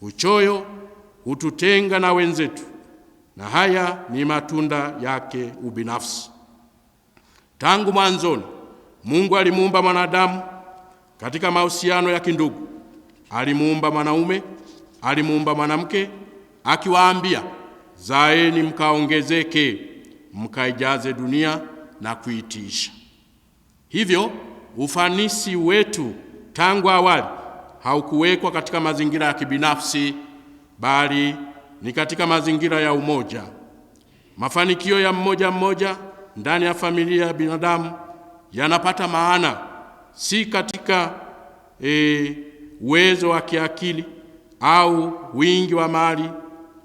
Uchoyo hututenga na wenzetu, na haya ni matunda yake ubinafsi. Tangu mwanzoni, Mungu alimuumba mwanadamu katika mahusiano ya kindugu. Alimuumba mwanaume, alimuumba mwanamke, akiwaambia zaeni mkaongezeke, mkaijaze dunia na kuitiisha. Hivyo ufanisi wetu tangu awali haukuwekwa katika mazingira ya kibinafsi, bali ni katika mazingira ya umoja. Mafanikio ya mmoja mmoja ndani ya familia ya binadamu yanapata maana si katika e, uwezo wa kiakili au wingi wa mali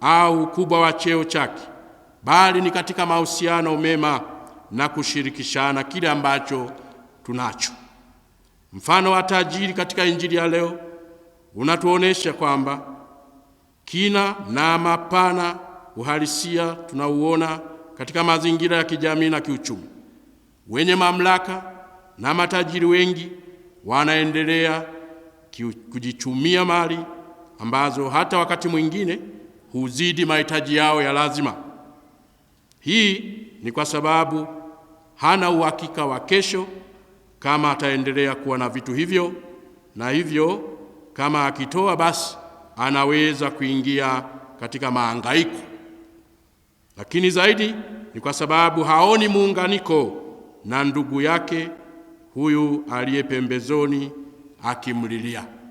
au ukubwa wa cheo chake, bali ni katika mahusiano mema na kushirikishana kile ambacho tunacho. Mfano wa tajiri katika Injili ya leo unatuonesha kwamba kina na mapana uhalisia tunauona katika mazingira ya kijamii na kiuchumi. Wenye mamlaka na matajiri wengi wanaendelea kujichumia mali ambazo hata wakati mwingine huzidi mahitaji yao ya lazima. Hii ni kwa sababu hana uhakika wa kesho kama ataendelea kuwa na vitu hivyo, na hivyo kama akitoa, basi anaweza kuingia katika maangaiko, lakini zaidi ni kwa sababu haoni muunganiko na ndugu yake huyu aliye pembezoni akimlilia.